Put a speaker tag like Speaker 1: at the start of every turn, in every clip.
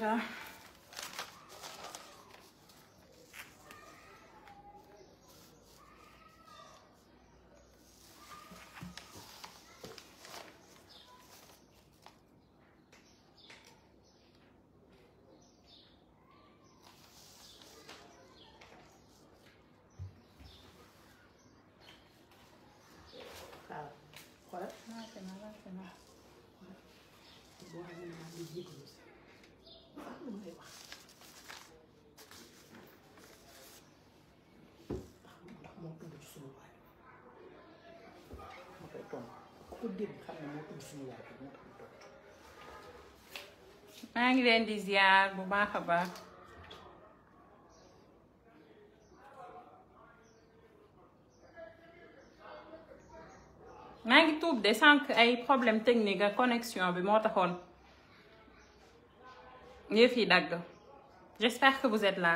Speaker 1: later. ko maa ngi leen di ziar bu baax a baax maa ngi tuub de sànq ay problème technique ak connexion bi moo taxoon yëf fi dagg j'espère que vous êtes là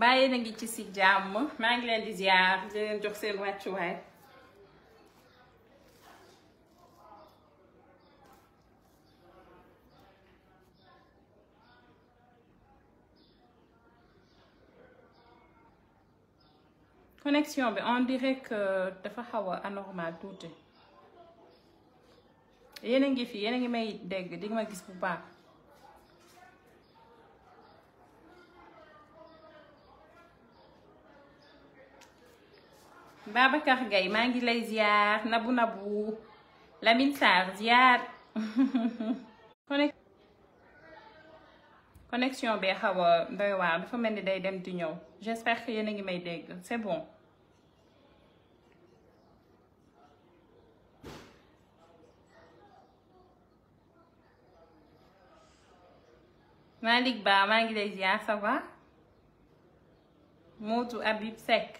Speaker 1: bàyyi na ngi ci si jàmm maa ngi leen di leen jox seen wàccuwaay connexion bi en dirait dafa xaw a tuuti yéen a ngi fi yéen a ngi may dégg di nga gis bu baax Babacar gay maa ngi lay ziar nabu nabu Lamine Sarr ziar connexion bee xaw a doy waar mel ni day dem di ñëw j'espère que yéen ngi may dégg c'est bon Malick Ba maa ngi lay ziar ça va Moodu Habib Seck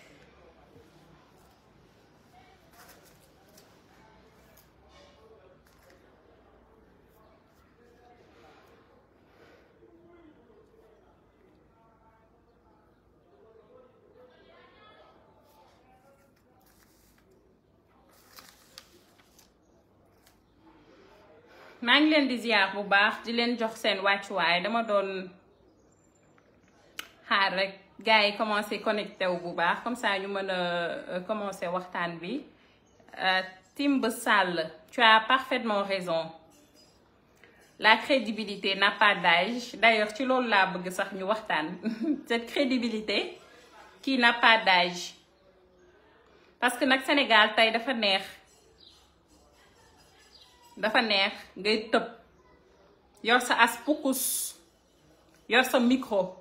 Speaker 1: maa ngi leen di ziar bu baax di leen jox seen wàccuwaay dama doon xaar rek gars yi commencé connecté wu bu baax comme saa ñu mën a euh, commencé waxtaan bi euh, Timbe Sall tu as parfaitement raison la crédibilité n'a pas d'âge d'ailleurs ci loolu laa bëgg sax ñu waxtaan cette crédibilité qui n'a pas d'âge parce que nag Sénégal tey dafa neex. dafa neex ngay tëb yor sa as pukus yor sa micro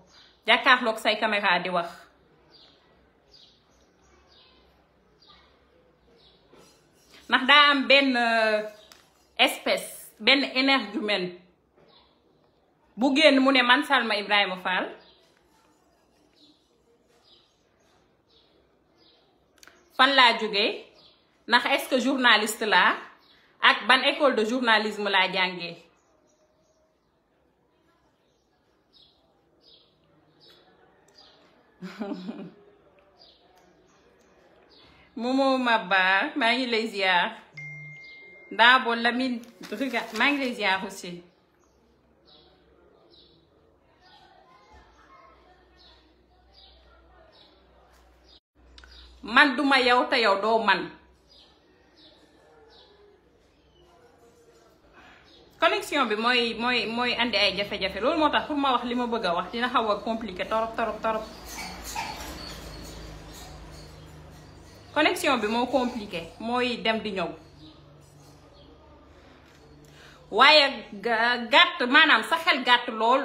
Speaker 1: jàkkaarloog say caméra di wax ndax daa am benn euh, espèce benn énergumène bu génn mu ne man Salma Ibrahima Fall fan laa jóge ndax est-ce que journaliste laa ak ban école de journalisme laa jànge Momo Maba maa ngi lay ziar Dabo Lamine Druga maa ngi lay ziar aussi man duma yow te yow doo man connexion bi mooy mooy mooy andi ay jafe-jafe loolu moo tax pour ma wax li ma bëgg a wax dina xaw a compliqué torop torop torop connexion bi moo compliqué mooy dem di ñëw waaye gàtt maanaam sa xel gàtt lool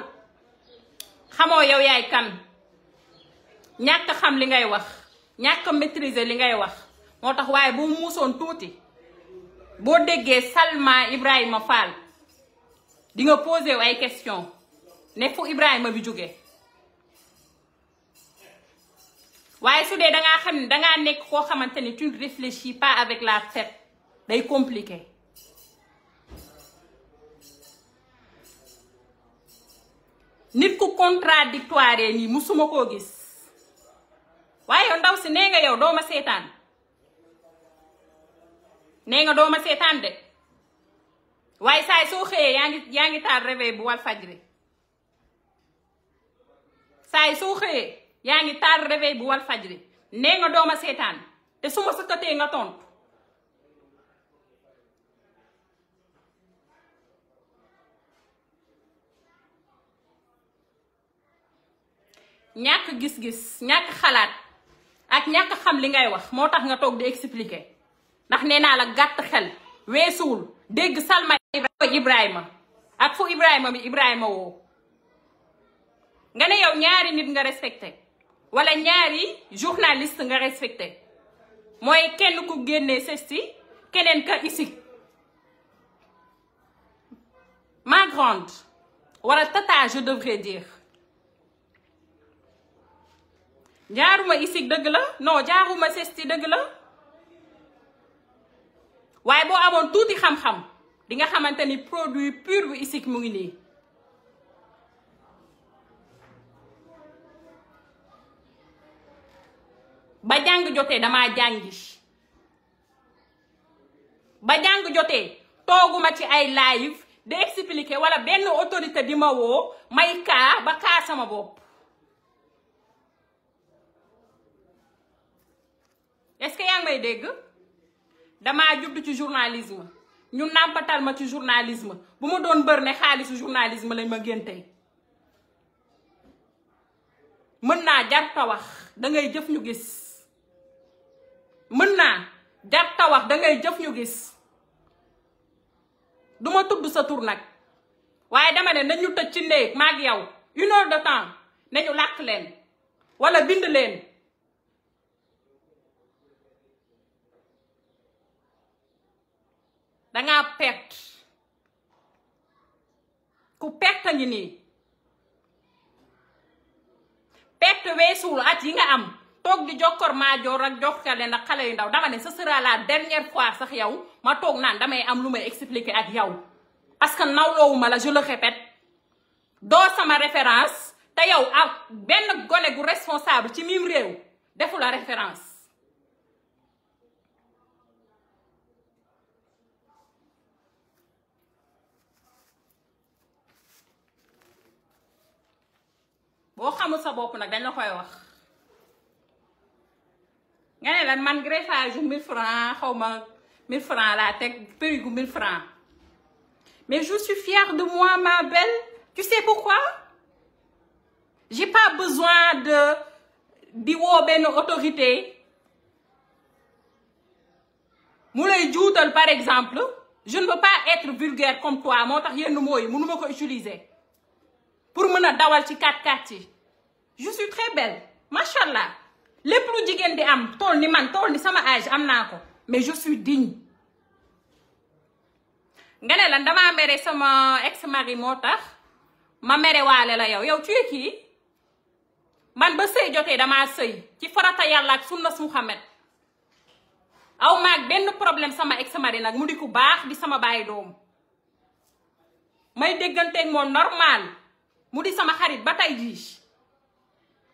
Speaker 1: xamoo yow yaay kan ñàkk xam li ngay wax ñàkk maîtriser li ngay wax moo tax waaye bu muusoon tuuti boo déggee Salma Ibrahima Fall dinga nga posé way question ne fu Ibrahima bi jóge waaye su dee dangaa xam ne dangaa nekk koo xamante ni tu ne réfléchis pas avec la tête day compliqué nit ku contradictoire nii musuma koo gis waaye yow ndaw si nee nga yow dooma seetaan nee nga dooma seetaan de waaye saay soo xëyee yaa ngi yaa ngi taal réveil bu wal fajri saay soo xëyee yaa ngi taal réveil bu wal fajri nee nga dooma seetaan te su ma sëkkatee nga tontu ñàkk gis-gis ñàkk xalaat ak ñàkk xam li ngay wax moo tax nga toog di expliquer ndax nee naa la gàtt xel weesuwul dégg salma Ibrahima ak fu Ibrahima bi Ibrahima woo nga ne yow ñaari nit nga respecté wala ñaari journaliste nga respecté mooy kenn ku génnee sesti keneen ka ici ma wala tata je devrais dire jaaruma ici dëgg la non jaaruma sesti dëgg la waaye boo amoon tuuti xam-xam di nga xamante ni produit pur bu isik mu ngi nii ba jàng jotee damaa jàngi ba jàng jotee tooguma ci ay live di expliquer wala benn autorité di ma woo may kaa ba kaa sama bopp est-ce yaa ngi dégg damaa jublu ci journalisme ñu nàmpatal ma ci journalisme bu ma doon bër ne xaalis journalisme lañ ma gën mën naa jar ta wax da jëf ñu gis mën naa jar ta jëf ñu gis du ma tudd sa tur nag waaye dama ne nañu tëj ci ndéeg maag yow une heure de temps nañu làkk leen wala bind leen dangaa perte ku perte ngi nii perte weesuwul at yi nga am toog di jokkor maa joor ak jokkale nag xale yu ndaw dama ne ce sera la dernière fois sax yow ma toog naan damay am lu may expliquer ak yow parce que nawloowuma la je le répète doo sama référence te yow ak ah, benn gone gu responsable ci mim réew defu la référence boo xamul sa bopp nag dañ la koy wax nga ne lan man greffage yu 1000 francs xaw ma 1000 francs laa teg périgu 1000 francs mais je suis fière de moi ma belle tu sais pourquoi j'ai pas besoin de di woo benn autorité mu lay juutal par exemple je ne veux pas être vulgaire comme toi moo tax yenn mooy mënuma ko utiliser pour mën a dawal ci 4x4 yi je suis très belle macha allah lépp lu jigéen di am tool ni man tool ni sama âge am naa ko mais je suis digne nga ne lan damaa mere sama ex mari moo tax ma mere waale la yow yow tu es man ba sëy jotee damaa sëy ci farata yàlla ak sunna Muhammad aw maag benn problème sama ex mari nag mu di ku baax di sama bàyyi doom may dégganteeg moom normal mu di sama xarit ba tey jii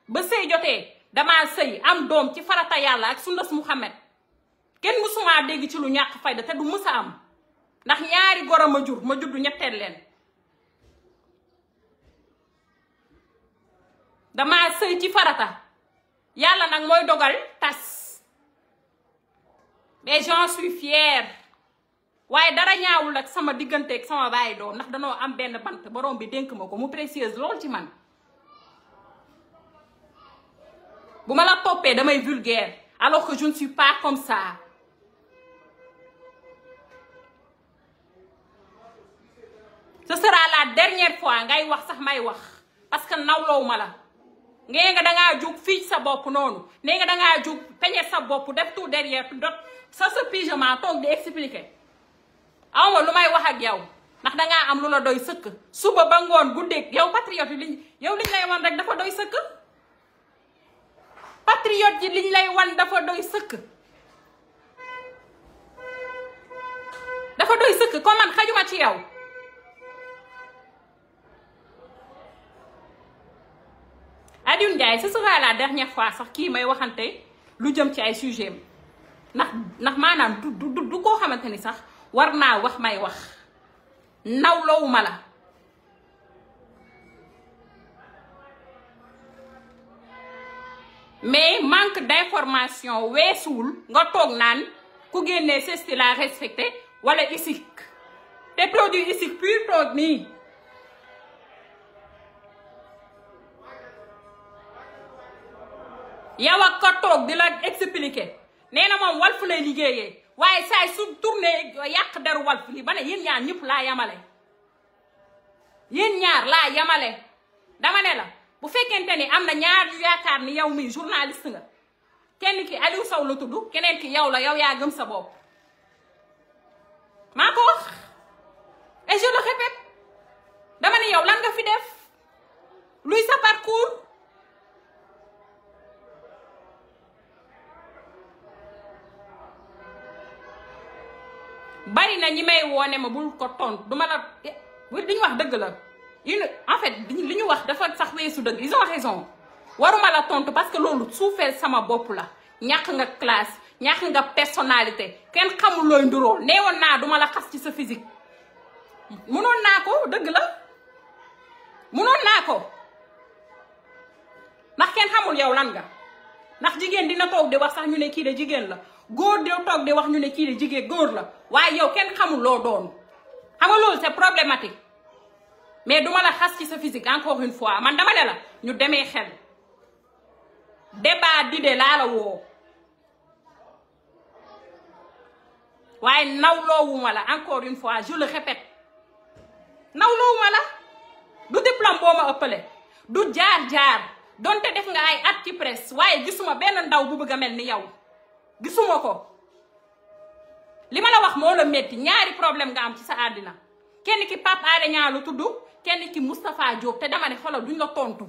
Speaker 1: ba sëy jotee damaa sëy am doom ci farata yàlla ak sunnas Muhammad kenn mësumaa dégg ci lu ñàkk fayda te du mës am ndax ñaari goro ma jur ma juddu ñetteel leen damaa sëy ci farata yàlla nag mooy dogal tas mais j'en suis fière waaye dara ñaawul nag sama digganteeg sama bàyyi doom ndax danoo am benn bant borom bi dénk ma ko mu précieuse lool ci man bu ma la toppee damay vulgaire alors que je ne suis pas comme ça ce sera la dernière fois ngay wax sax may wax parce que nawloo ma la ngee nga dangaa jóg fii sa bopp noonu nee nga dangaa jóg peñe sa bopp def tout derrière dot sa sa pigement toog di expliquer awma lu may wax ak yow ndax dangaa am lu la doy sëkk suba ba ngoon guddeeg yow patriote yi liñ yow liñ lay wan rek dafa doy sëkk patriote yi liñ lay wan dafa doy sëkk dafa doy sëkk kon man xajuma ci yow Alioune Ndiaye ce sera la dernière fois sax kii may waxante lu jëm ci ay sujet ndax ndax maanaam du du du koo xamante ni sax war naa wax may wax nawlowuma la mais manque d'information weesuwul nga toog naan ku génnee sesti la respecté wala isik te produit isik pur toog nii yow ak ka toog di la expliquer nee na moom fu lay liggéeyee waaye saa su tourné yàq deru Walf li ba ne ñaar ñëpp laa yamale yéen ñaar laa yamale dama ne la bu fekkente ni am na ñaar yaakaar ni yow mi journaliste nga kenn ki Aliou saw la tudd keneen ki yow la yow yaa gëm sa bopp maa ko wax et je le dama ne yow lan nga fi def luy sa parcours bari na ñi may woone ma bul ko tontu duma la wér eh, di ñu wax dëgg la il en fait li ñu wax dafa sax weesu dëgg ils ont raison waruma la tontu parce que loolu suufee sama bopp la ñàkk nga classe ñàkk nga personnalité kenn xamul looy nduróol neewoon naa duma la xas ci sa physique mënoon naa ko dëgg la mënoon naa ko ndax kenn xamul yow lan nga ndax jigéen dina toog di wax sax ñu ne kii de jigéen la góor de toog di wax ñu ne kii de jigéen góor la waaye yow kenn xamul loo doon xam nga loolu c'est problématique mais duma la xas ci sa physique encore une fois man dama ne la ñu demee xel débat d'idée laa la woo waaye nawloowuma la encore une fois je le répète nawloowuma la du diplôme boo ma ëppale du jaar-jaar donte def nga ay at ci presse waaye gisuma benn ndaw bu bëgg a mel ni yow gisuma ko li ma la wax moo la metti ñaari problème nga am ci sa àddina kenn ki Pape Alé lu tudd kenn ki Moustapha Diop te dama ne xoolal duñ la tontu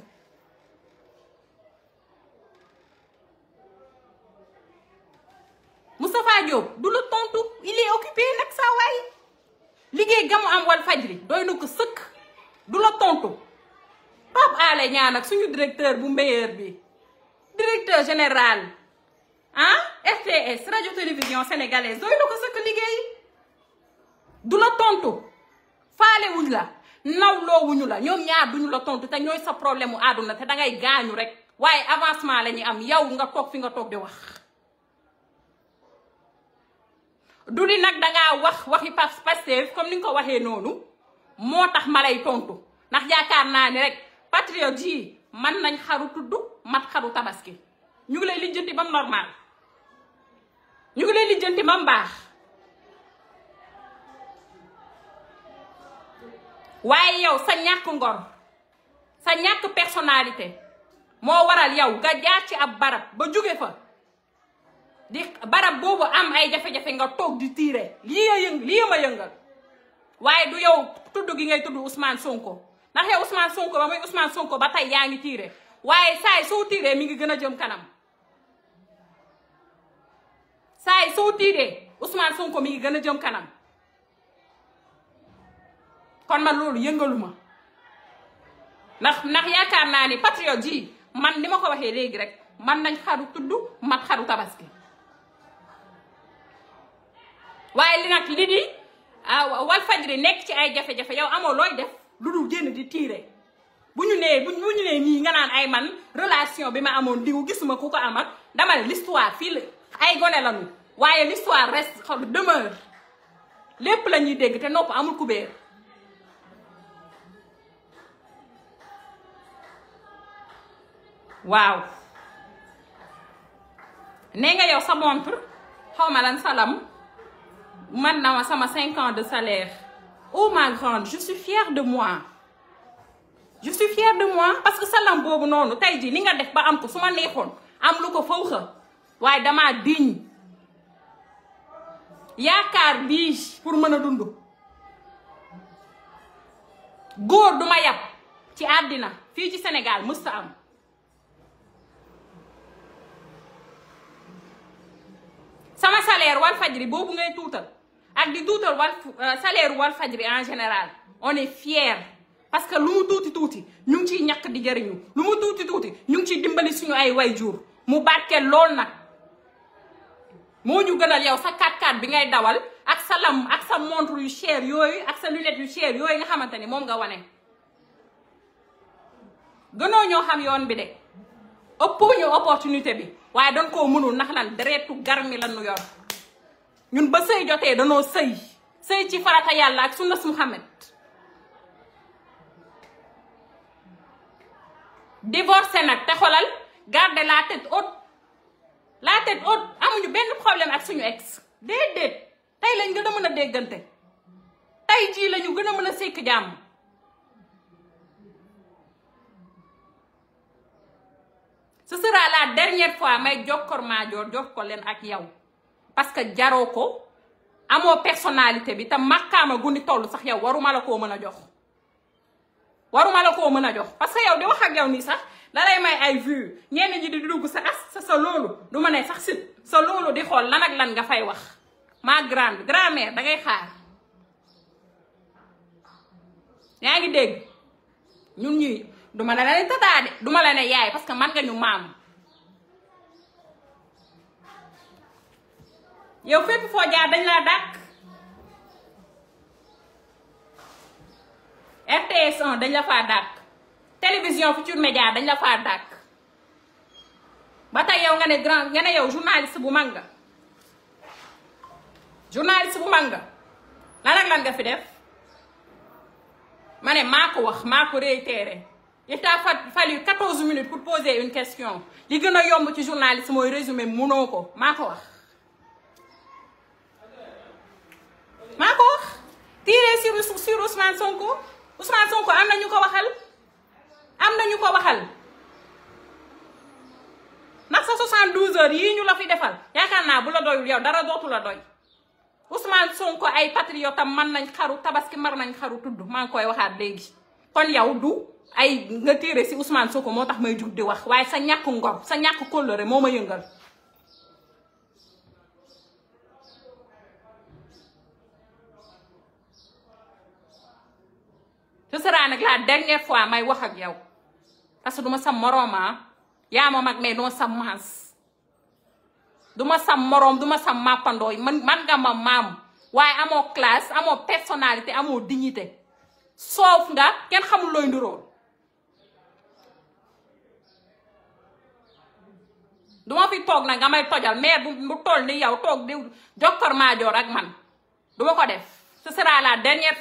Speaker 1: Moustapha Diop du la tontu il est occupé nag saa waay liggéey gamu am wal fajri doy na ko sëkk du la tontu Pape Alé nag suñu directeur bu meilleur bi directeur général ah RTS radio télévision sénégalaise doy na ko sëkk liggéey du la tontu faalewuñ la nawloowuñu la ñoom ñaar duñu la tontu te ñooy sa problème mu àdduna te dangay gaañu rek waaye avancement la ñuy am yow nga toog fi nga toog di wax. du li nag dangaa wax waxi Pastef comme ni nga ko waxee noonu moo tax ma lay tontu ndax yaakaar naa ne rek patriote yi mën nañ xaru tudd mat xaru tabaski ñu ngi lay lijjanti ba mu normal. ñu ngi leen lijjanti jënti ma mbaax waaye yow sa ñàkk ngor sa ñàkk personnalité moo waral yow nga jaar ci ab barab ba jóge fa di barab boobu am ay jafe-jafe nga toog di tiire lii a yëng lii ma yëngal waaye du yow tudd gi ngay tudd Ousmane Sonko ndax yow Ousmane Sonko ba muy Ousmane Sonko ba tey yaa ngi tiire waaye saay soo tiiree mi ngi gën a jëm kanam saay yi soo tiiree Ousmane Sonko mi ngi gën a jëm kanam kon man loolu yëngaluma ndax ndax yaakaar naa ni patriote yi man li ma ko waxee léegi rek man nañ xaru tudd man xaru tabaski waaye li nag li di ah, Walfadjri nekk ci ay jafe-jafe yow amoo looy def lu dul génn di tiire bu ñu nee bu ñu nee nii nga naan ay man relation bi ma amoon diw gisuma ku ko am ak dama ne l'histoire fii ay gone lañu waaye l'histoire reste xam demeure lépp lañuy dégg te nopp amul kubéer waaw nee nga yow sa montre xaw ma lan salam man na ma sama cinq de salaire oh ma grande je suis fière de moi je suis fière de moi parce que salam boobu noonu tey jii ni nga def ba am ko su ma neexoon am lu ko fawxa waaye damaa diñ yaakaar bii pour mën a dund góor duma yab ci àddina fii ci Sénégal mësta am sama salaire wal fajri boobu ngay tuutal ak di tuutal wal euh, salaire wal fajri en général on est fier parce que lu mu tuuti tuuti ñu ngi ciy ñàkk di jëriñu lu mu tuuti tuuti ñu ngi ciy dimbali suñu ay way jur mu barke lool nag moo ñu gënal yow sa 4 x bi ngay dawal ak sa lam ak sa montre yu cher yooyu ak sa lunette yu cher yooyu nga xamante ni moom nga wane. gënoo ñoo xam yoon bi de ëppoo ñu opportunité bi waaye dañ koo mënul ndax lan deretu garmi la nu yor ñun ba sëy jotee danoo sëy sëy ci farata yàlla ak sunnas Muhammad divorcé nag te xolal garder la tête haute la tête haute amuñu benn problème ak suñu ex déedéet tey lañ gën a mën a déggante tey jii lañu gën a mën a sekk jàmm ce sera la dernière fois may jokkor maajoor jox leen ak yow parce que jaroo ko amoo personnalité bi te màkkaama guni toll sax yow waruma la koo mën a jox waruma la koo mën a jox parce que yow di wax ak yow nii sax la lay may ay vues ñenn ñi di dugg sa as sa loolu du ma ne sax sit sa loolu di xool lan ak lan nga fay wax ma grande grand-mère da xaar ñaa ngi dégg ñun ñuy du ma la ne tataa de du ma la ne yaay parce que man nga ñu maam yow fépp foo jaar dañ la dàq RTS dañ la faa dàq télévision Futurs Médias dañ la faa dàkk ba tey yow nga ne grand nga ne yow journaliste bu mag nga bu mag nga lan lan nga fi def ma maa ko wax maa ko réitéré il t'a fallu 14 minutes pour poser une question li gën a yomb ci journaliste mooy résumé mënoo ko maa ko wax. maa ko wax tiré sur sur Ousmane Sonko Ousmane Sonko am na ñu ko waxal. am nañu ko waxal ndax sa 72 heures yii ñu la fi defal yaakaar naa bu la doyul yow dara dootu la doy Ousmane ko ay patriote am mën nañ xaru tabaski mar nañ xaru tudd maa ngi koy waxaat léegi. kon yow du ay nga téere si Ousmane Sonko moo tax may jug di wax waaye sa ñàkk ngor sa ñàkk kóllëre moo ma yëngal. ce sera nag la dernière fois may wax ak yow. parce que du sam sa moroom yaa ma mais duma sam maas du ma moroom duma sam sa màppandooy man man nga ma maam waaye amoo classe amoo personnalité amoo dignité soof nga kenn xamul looy nduróol fi toog na nga may tojal mais bu bu toll ni yow toog di jokkor maajoor ak man du ko def ce sera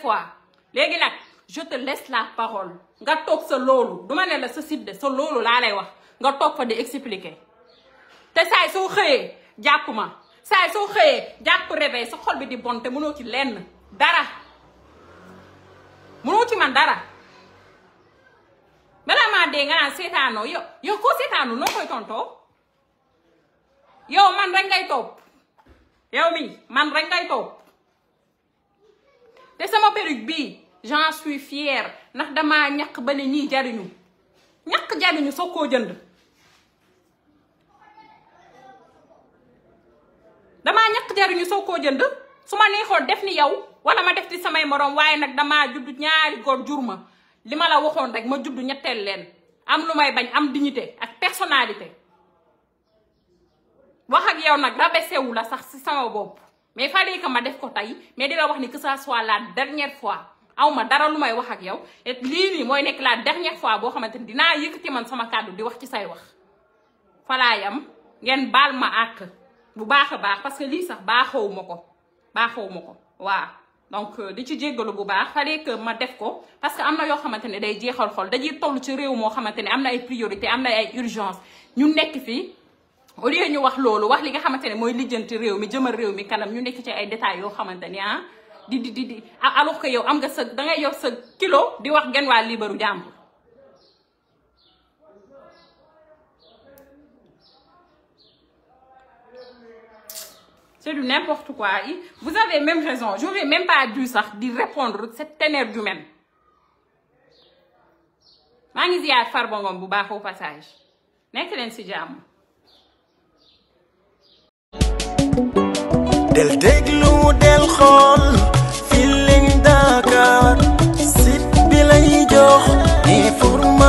Speaker 1: fois léegi nag je te laisse la parole nga toog sa loolu ma ne la sa site de sa loolu laa lay wax nga toog fa di expliquer te saay soo xëyee jàpp ma saay soo xëyee jàpp réveil sa xol bi di bon te mënoo ci lenn dara mënoo ci man dara balaa maa dee nga naan seetaanoo yow yow koo seetaanoo noo koy tontoo yow man rek ngay topp yow mi man rek ngay topp te sama perruque bii j'en suis fière ndax damaa ñàkk ba ne ñii jariñu ñaq jariñu soo koo jënd damaa ñàkk jariñu soo koo jënd su ma neexoon def ni yow wala ma def ci samay moroom waaye nag damaa judd ñaari góor jur ma li ma la waxoon rek ma judd ñetteel leen am lu may bañ am dignité ak personnalité wax ak yow nag rabaissé wu la sax ci sama bopp mais fallait que ma def ko tey mais di la wax ni que ça soit la dernière fois aw ma dara lu may wax ak yow lii nii mooy nekk la dernière fois boo xamante ni dinaa yëkkati man sama kàddu di wax ci say wax falaayam ngeen baal ma àq bu baax a baax parce que lii sax baaxoo ma ko baaxoo ma ko waaw donc euh, di ci jéggalu bu baax fallait ma def ko parce que am na yoo xamante ne day jeexal xol dañuy toll ci réew moo xamante ne am na ay priorité am na ay urgence ñu nekk fi au lieu ñu wax loolu wax li nga xamante ne mooy lijjanti réew mi jëmal réew mi kanam ñu nekk ci ay détails yoo xamante ni ah di di di di alors que yow am nga sa da ngay yor sa kilo di wax genn waa liibaru jàmbur c'est du n'importe quoi vous avez même raison j'aurais même pas dû sax di répondre cette énergumène maa ngi ziyaar Farba Ngom bu baax passage nekk leen ci jàmm del déglu del xool